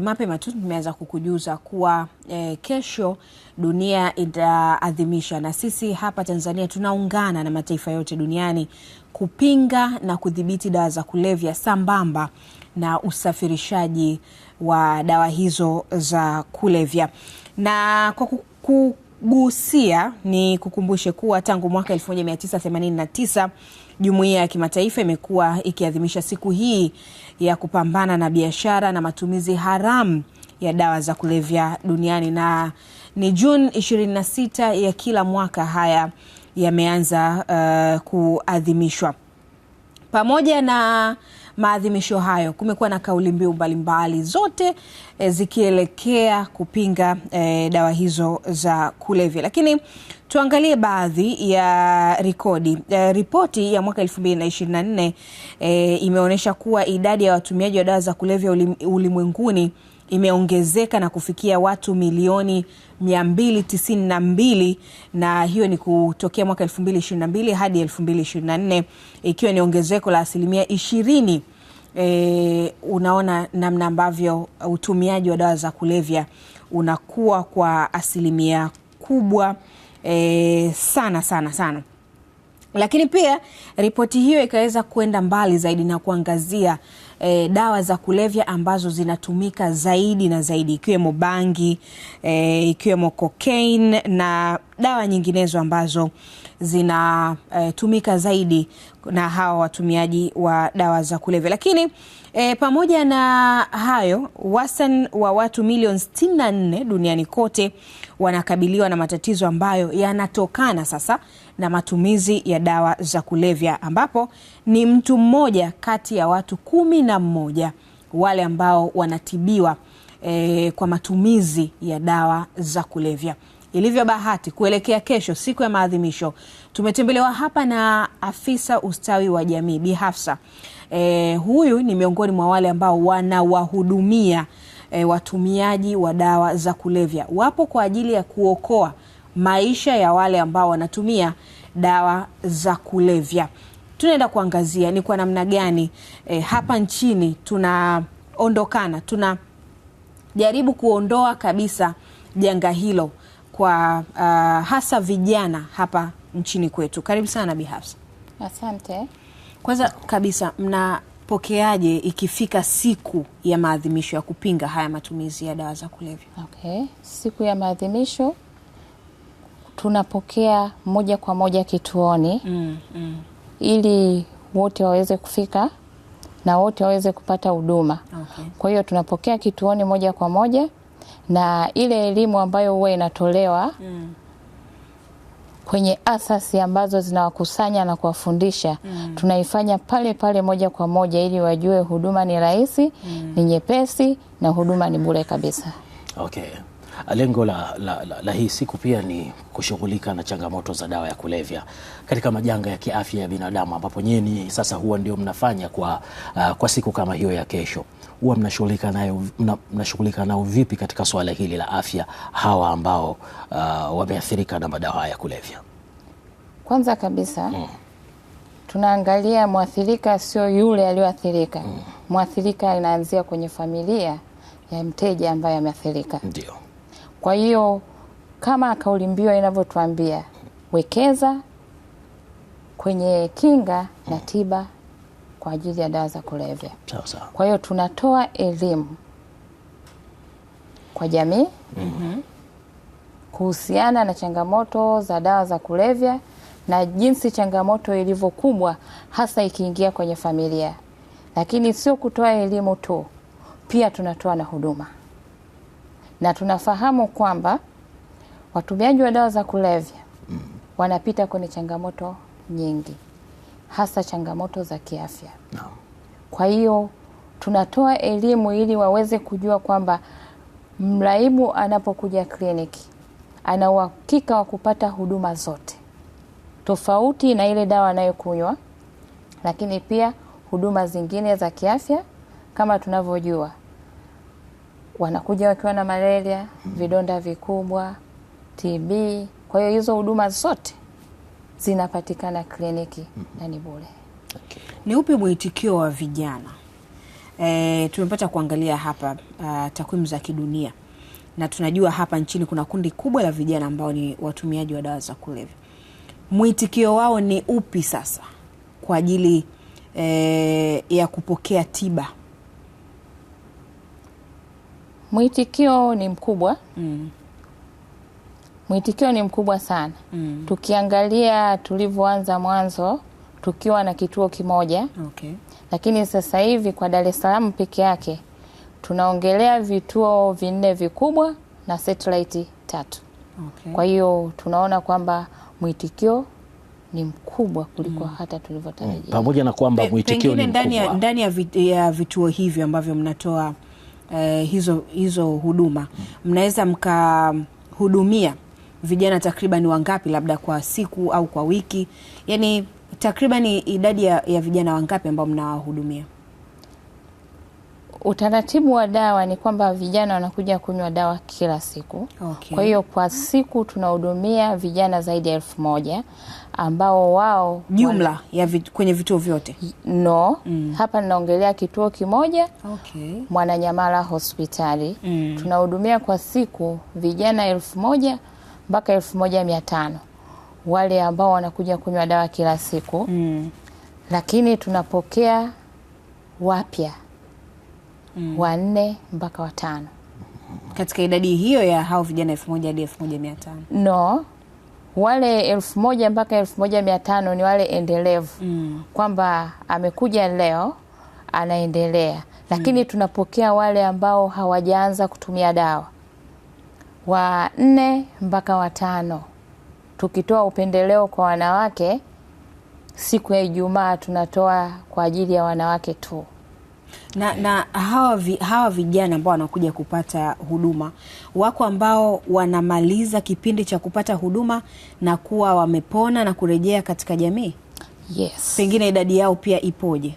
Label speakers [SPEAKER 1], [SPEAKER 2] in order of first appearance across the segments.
[SPEAKER 1] Mapema tu tumeanza kukujuza kuwa eh, kesho dunia itaadhimisha, na sisi hapa Tanzania tunaungana na mataifa yote duniani kupinga na kudhibiti dawa za kulevya sambamba na usafirishaji wa dawa hizo za kulevya na kwa kuku gusia ni kukumbushe kuwa tangu mwaka 1989 jumuiya ya kimataifa imekuwa ikiadhimisha siku hii ya kupambana na biashara na matumizi haramu ya dawa za kulevya duniani na ni Juni 26 ya kila mwaka. Haya yameanza uh, kuadhimishwa pamoja na maadhimisho hayo. Kumekuwa na kauli mbiu mbalimbali, zote e, zikielekea kupinga e, dawa hizo za kulevya, lakini tuangalie baadhi ya rikodi E, ripoti ya mwaka 224 e, imeonyesha kuwa idadi ya watumiaji wa dawa za kulevya ulim, ulimwenguni imeongezeka na kufikia watu milioni 292 na hiyo ni kutokea mwaka 2022 hadi 2024 ikiwa ni ongezeko la asilimia 20. E, unaona namna ambavyo utumiaji wa dawa za kulevya unakuwa kwa asilimia kubwa e, sana sana sana. Lakini pia ripoti hiyo ikaweza kwenda mbali zaidi na kuangazia e, dawa za kulevya ambazo zinatumika zaidi na zaidi ikiwemo bangi e, ikiwemo cocaine na dawa nyinginezo ambazo zinatumika eh, e, zaidi na hawa watumiaji wa dawa za kulevya. Lakini e, pamoja na hayo, wastani wa watu milioni 64 duniani kote wanakabiliwa na matatizo ambayo yanatokana sasa na matumizi ya dawa za kulevya, ambapo ni mtu mmoja kati ya watu kumi na mmoja wale ambao wanatibiwa e, kwa matumizi ya dawa za kulevya. Ilivyo bahati kuelekea kesho, siku ya maadhimisho, tumetembelewa hapa na afisa ustawi wa jamii Bi Hafsa. E, huyu ni miongoni mwa wale ambao wanawahudumia e, watumiaji wa dawa za kulevya. Wapo kwa ajili ya kuokoa maisha ya wale ambao wanatumia dawa za kulevya. Tunaenda kuangazia ni kwa namna gani e, hapa nchini tunaondokana tunajaribu kuondoa kabisa janga hilo kwa uh, hasa vijana hapa nchini kwetu. Karibu sana Bi Hafsa. Asante. Kwanza kabisa mnapokeaje ikifika siku ya maadhimisho ya kupinga haya matumizi ya dawa za kulevya?
[SPEAKER 2] Okay. Siku ya maadhimisho tunapokea moja kwa moja kituoni mm, mm. ili wote waweze kufika na wote waweze kupata huduma. Okay. Kwa hiyo tunapokea kituoni moja kwa moja na ile elimu ambayo huwa inatolewa mm. kwenye asasi ambazo zinawakusanya na kuwafundisha mm. tunaifanya pale pale moja kwa moja, ili wajue huduma ni rahisi mm. ni nyepesi na huduma ni bure kabisa.
[SPEAKER 3] Okay. Lengo la, la, la, la hii siku pia ni kushughulika na changamoto za dawa ya kulevya katika majanga ya kiafya ya binadamu ambapo nyinyi sasa huwa ndio mnafanya kwa, uh, kwa siku kama hiyo ya kesho huwa mnashughulika nayo mnashughulika nao vipi katika swala hili la afya hawa ambao uh, wameathirika na madawa haya kulevya?
[SPEAKER 2] Kwanza kabisa mm. tunaangalia mwathirika sio yule aliyoathirika. mm. Mwathirika inaanzia kwenye familia ya mteja ambaye ameathirika. Ndio. Kwa hiyo kama kauli mbiu inavyotuambia, wekeza kwenye kinga na mm. tiba kwa ajili ya dawa za kulevya. Kwa hiyo tunatoa elimu kwa jamii mm -hmm. kuhusiana na changamoto za dawa za kulevya na jinsi changamoto ilivyo kubwa hasa ikiingia kwenye familia, lakini sio kutoa elimu tu, pia tunatoa na huduma, na tunafahamu kwamba watumiaji wa dawa za kulevya mm. wanapita kwenye changamoto nyingi hasa changamoto za kiafya. no. Kwa hiyo tunatoa elimu ili waweze kujua kwamba mraibu anapokuja kliniki ana uhakika wa kupata huduma zote, tofauti na ile dawa anayokunywa, lakini pia huduma zingine za kiafya. Kama tunavyojua, wanakuja wakiwa na malaria, mm-hmm. vidonda vikubwa, TB. Kwa hiyo hizo huduma zote zinapatikana kliniki na ni bure.
[SPEAKER 1] Ni upi mwitikio wa vijana? E, tumepata kuangalia hapa uh, takwimu za kidunia na tunajua hapa nchini kuna kundi kubwa la vijana ambao ni watumiaji wa dawa za kulevya. Mwitikio wao ni upi sasa kwa ajili e, ya kupokea tiba?
[SPEAKER 2] Mwitikio ni mkubwa mm. Mwitikio ni mkubwa sana mm. Tukiangalia tulivyoanza mwanzo tukiwa na kituo kimoja okay. Lakini sasa hivi kwa Dar es Salaam peke yake tunaongelea vituo vinne vikubwa na satellite tatu okay. Kwa hiyo tunaona kwamba mwitikio ni mkubwa kuliko mm. hata tulivyotarajia, mm,
[SPEAKER 3] pamoja na kwamba mwitikio ni mkubwa
[SPEAKER 1] ndani ya, ya vituo hivyo ambavyo mnatoa eh, hizo, hizo huduma mm. mnaweza mkahudumia vijana takriban wangapi labda kwa siku au kwa wiki? Yaani takriban idadi ya, ya vijana wangapi ambao mnawahudumia?
[SPEAKER 2] Utaratibu wa dawa ni kwamba vijana wanakuja kunywa dawa kila siku. Okay. Kwa hiyo kwa siku tunahudumia vijana zaidi ya elfu moja ambao wao
[SPEAKER 1] jumla ya vit, kwenye vituo vyote
[SPEAKER 2] no. Mm. Hapa ninaongelea kituo kimoja. Okay. Mwananyamala hospitali. Mm. Tunahudumia kwa siku vijana elfu moja mpaka elfu moja mia tano wale ambao wanakuja kunywa dawa kila siku mm. Lakini tunapokea wapya mm. wanne mpaka watano
[SPEAKER 1] katika idadi hiyo ya hao vijana elfu moja hadi elfu moja mia tano
[SPEAKER 2] no wale elfu moja mpaka elfu moja mia tano ni wale endelevu mm. kwamba amekuja leo anaendelea, lakini mm. tunapokea wale ambao hawajaanza kutumia dawa wa nne mpaka watano, tukitoa upendeleo kwa wanawake. Siku ya Ijumaa tunatoa kwa ajili ya wanawake tu.
[SPEAKER 1] Na, na hawa, vi, hawa vijana ambao wanakuja kupata huduma wako ambao wanamaliza kipindi cha kupata huduma na kuwa wamepona na kurejea katika jamii. Yes. Pengine idadi yao pia ipoje?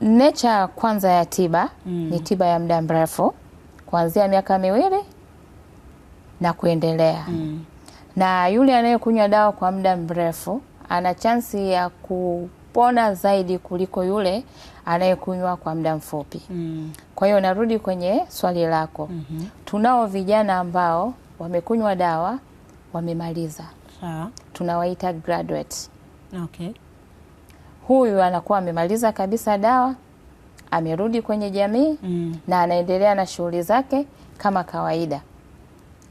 [SPEAKER 2] Nature kwanza ya tiba mm, ni tiba ya muda mrefu kuanzia miaka miwili na kuendelea mm. Na yule anayekunywa dawa kwa muda mrefu ana chansi ya kupona zaidi kuliko yule anayekunywa kwa muda mfupi mm. Kwa hiyo narudi kwenye swali lako mm -hmm. Tunao vijana ambao wamekunywa dawa wamemaliza, tunawaita graduate. Okay. Huyu anakuwa amemaliza kabisa dawa amerudi kwenye jamii mm. na anaendelea na shughuli zake kama kawaida.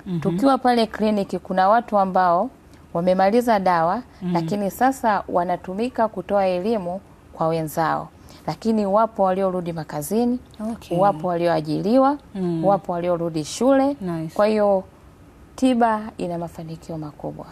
[SPEAKER 2] mm -hmm. Tukiwa pale kliniki kuna watu ambao wamemaliza dawa mm -hmm. lakini sasa wanatumika kutoa elimu kwa wenzao, lakini wapo waliorudi makazini okay. wapo walioajiliwa mm. wapo waliorudi shule nice. Kwa hiyo tiba ina mafanikio makubwa.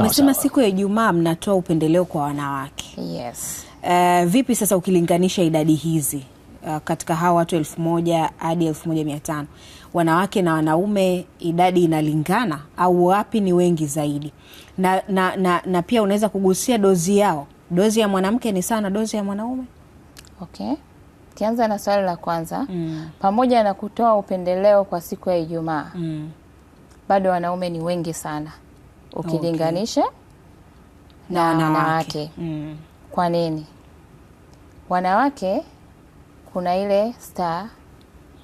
[SPEAKER 1] Umesema siku ya Ijumaa mnatoa upendeleo kwa wanawake.
[SPEAKER 2] Yes.
[SPEAKER 1] Uh, vipi sasa ukilinganisha idadi hizi uh, katika hawa watu elfu moja hadi elfu moja mia tano wanawake na wanaume idadi inalingana au wapi ni wengi zaidi? Na, na, na, na pia unaweza kugusia dozi yao, dozi ya mwanamke ni sana dozi ya mwanaume.
[SPEAKER 2] Okay, kianza na swali la kwanza mm. Pamoja na kutoa upendeleo kwa siku ya Ijumaa mm. bado wanaume ni wengi sana ukilinganisha okay. na wanawake mm. kwa nini wanawake kuna ile star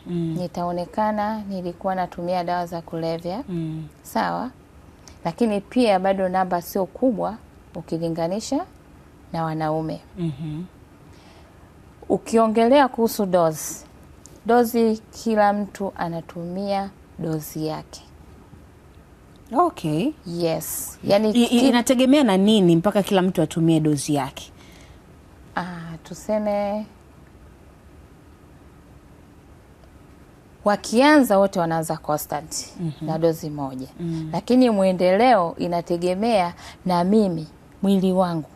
[SPEAKER 2] mm. nitaonekana nilikuwa natumia dawa za kulevya mm. sawa, lakini pia bado namba sio kubwa ukilinganisha na wanaume mm -hmm. Ukiongelea kuhusu dozi, dozi kila mtu anatumia dozi yake. Okay. Yes.
[SPEAKER 1] Yani I, inategemea na nini mpaka kila mtu atumie dozi yake?
[SPEAKER 2] Ah, tuseme wakianza wote wanaanza constant mm -hmm. na dozi moja mm -hmm. lakini mwendeleo inategemea na mimi mwili wangu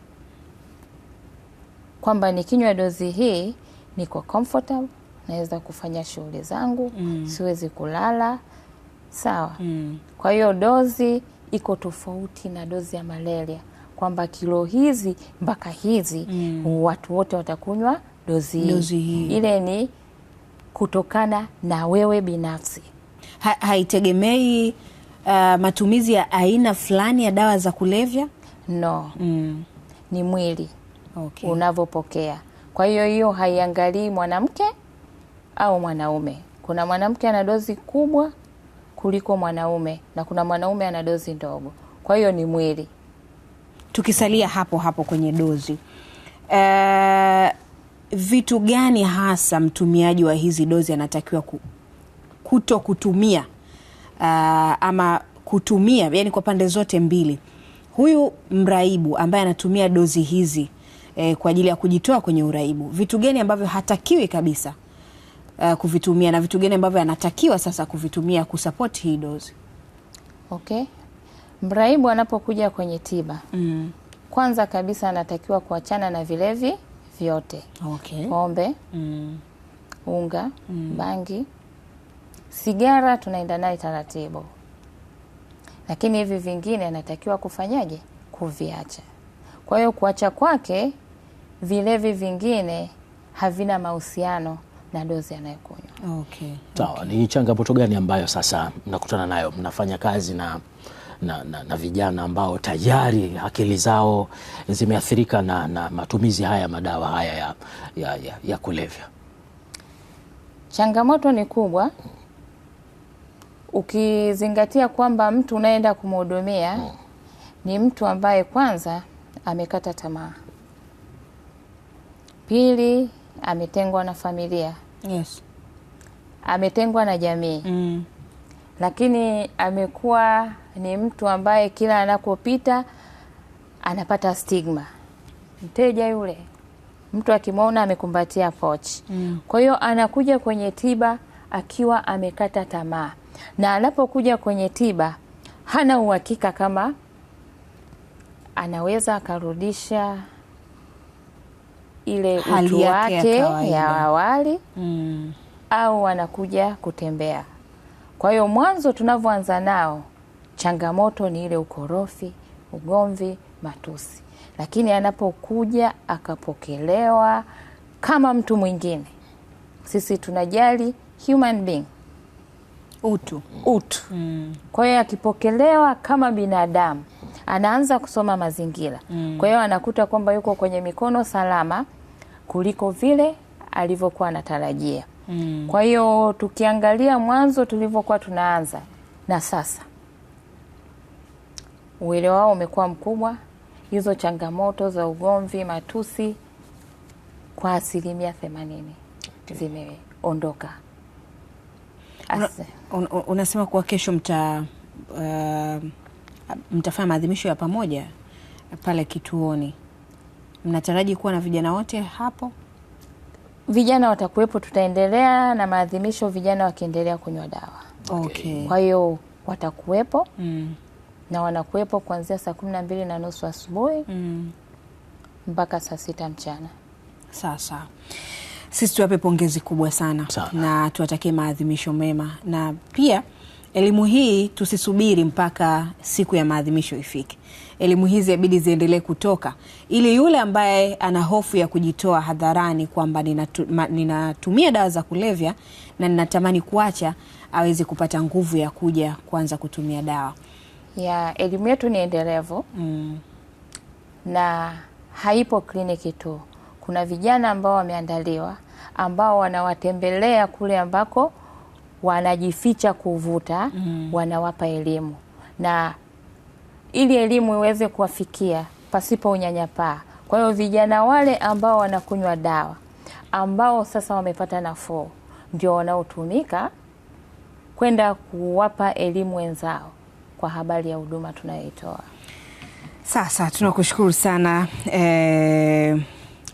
[SPEAKER 2] kwamba nikinywa dozi hii niko comfortable, naweza kufanya shughuli zangu mm. siwezi kulala sawa mm. Kwa hiyo dozi iko tofauti na dozi ya malaria kwamba kilo hizi mpaka hizi mm. watu wote watakunywa dozi hii, ile ni kutokana na wewe binafsi.
[SPEAKER 1] Ha, haitegemei uh, matumizi ya aina fulani ya dawa za kulevya
[SPEAKER 2] no. Mm. Ni mwili okay, unavyopokea. Kwa hiyo hiyo haiangalii mwanamke au mwanaume. Kuna mwanamke ana dozi kubwa kuliko mwanaume na kuna mwanaume ana dozi ndogo, kwa hiyo ni mwili.
[SPEAKER 1] Tukisalia hapo hapo kwenye dozi uh, vitu gani hasa mtumiaji wa hizi dozi anatakiwa kuto kutumia uh, ama kutumia yani kwa pande zote mbili, huyu mraibu ambaye anatumia dozi hizi eh, kwa ajili ya kujitoa kwenye uraibu, vitu gani ambavyo hatakiwi kabisa uh, kuvitumia na vitu gani ambavyo anatakiwa sasa kuvitumia kusapoti hii dozi?
[SPEAKER 2] Okay, mraibu anapokuja kwenye tiba mm. Kwanza kabisa anatakiwa kuachana na vilevi vyote okay. Pombe mm. unga mm. bangi, sigara tunaenda naye taratibu, lakini hivi vingine anatakiwa kufanyaje? Kuviacha. Kwa hiyo kuacha kwake vilevi vingine havina mahusiano na dozi anayokunywa. Okay.
[SPEAKER 3] Sawa, okay. Ni changamoto gani ambayo sasa mnakutana nayo mnafanya kazi na na, na, na vijana ambao tayari akili zao zimeathirika na, na matumizi haya madawa haya ya, ya, ya, ya kulevya.
[SPEAKER 2] Changamoto ni kubwa ukizingatia kwamba mtu unaenda kumhudumia hmm, ni mtu ambaye kwanza amekata tamaa, pili ametengwa na familia, yes, ametengwa na jamii mm lakini amekuwa ni mtu ambaye kila anakopita anapata stigma. Mteja yule mtu akimwona amekumbatia pochi mm. Kwa hiyo anakuja kwenye tiba akiwa amekata tamaa, na anapokuja kwenye tiba hana uhakika kama anaweza akarudisha ile utu wake ya awali mm. au anakuja kutembea kwa hiyo mwanzo tunavyoanza nao, changamoto ni ile ukorofi, ugomvi, matusi, lakini anapokuja akapokelewa kama mtu mwingine. Sisi tunajali human being, utu, utu. Mm. Kwa hiyo akipokelewa kama binadamu anaanza kusoma mazingira mm. Kwa hiyo anakuta kwamba yuko kwenye mikono salama kuliko vile alivyokuwa anatarajia. Mm. Kwa hiyo tukiangalia mwanzo tulivyokuwa tunaanza na sasa, uelewa wao umekuwa mkubwa. Hizo changamoto za ugomvi, matusi kwa asilimia themanini zimeondoka.
[SPEAKER 1] unasema kuwa kesho mta uh, mtafanya maadhimisho ya pamoja pale kituoni, mnataraji kuwa na vijana wote hapo?
[SPEAKER 2] vijana watakuwepo, tutaendelea na maadhimisho, vijana wakiendelea kunywa dawa okay. Kwa hiyo watakuwepo mm. na wanakuwepo kuanzia saa kumi na mbili na nusu asubuhi mm. mpaka saa sita mchana.
[SPEAKER 1] Sasa sisi tuwape pongezi kubwa sana, sana. na tuwatakie maadhimisho mema na pia Elimu hii tusisubiri mpaka siku ya maadhimisho ifike. Elimu hizi abidi ziendelee kutoka, ili yule ambaye ana hofu ya kujitoa hadharani kwamba ninatumia dawa za kulevya na ninatamani kuacha, aweze kupata nguvu ya kuja kuanza kutumia dawa.
[SPEAKER 2] Ya elimu yetu ni endelevu mm. na haipo kliniki tu, kuna vijana ambao wameandaliwa ambao wanawatembelea kule ambako wanajificha kuvuta mm. wanawapa elimu na ili elimu iweze kuwafikia pasipo unyanyapaa. Kwa hiyo vijana wale ambao wanakunywa dawa ambao sasa wamepata nafuu ndio wanaotumika kwenda kuwapa elimu wenzao kwa habari ya huduma tunayoitoa.
[SPEAKER 1] Sasa tunakushukuru sana eh...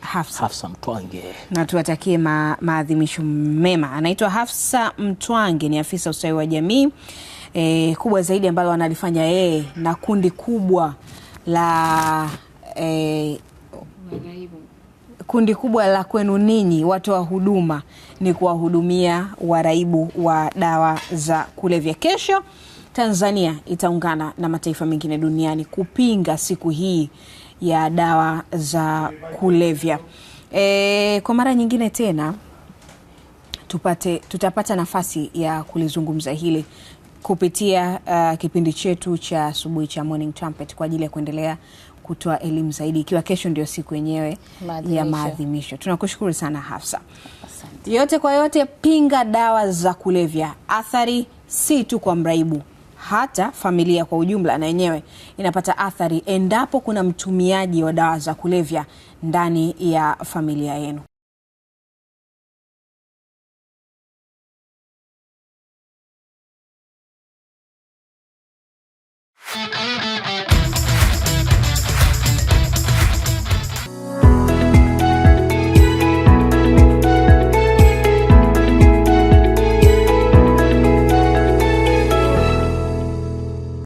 [SPEAKER 1] Hafsa,
[SPEAKER 3] Hafsa Mtwange
[SPEAKER 1] na tuwatakie ma, maadhimisho mema. Anaitwa Hafsa Mtwange, ni afisa ustawi wa jamii e, kubwa zaidi ambalo analifanya yeye na kundi kubwa la e, kundi kubwa la kwenu ninyi wa huduma ni kuwahudumia waraibu wa dawa za kulevya. Kesho Tanzania itaungana na mataifa mengine duniani kupinga siku hii ya dawa za kulevya. E, kwa mara nyingine tena tupate tutapata nafasi ya kulizungumza hili kupitia uh, kipindi chetu cha asubuhi cha Morning Trumpet kwa ajili ya kuendelea kutoa elimu zaidi, ikiwa kesho ndio siku yenyewe ya maadhimisho. Tunakushukuru sana Hafsa. Asante. Yote kwa yote, pinga dawa za kulevya, athari si tu kwa mraibu hata familia kwa ujumla na yenyewe inapata athari endapo kuna mtumiaji wa dawa za kulevya ndani ya familia yenu.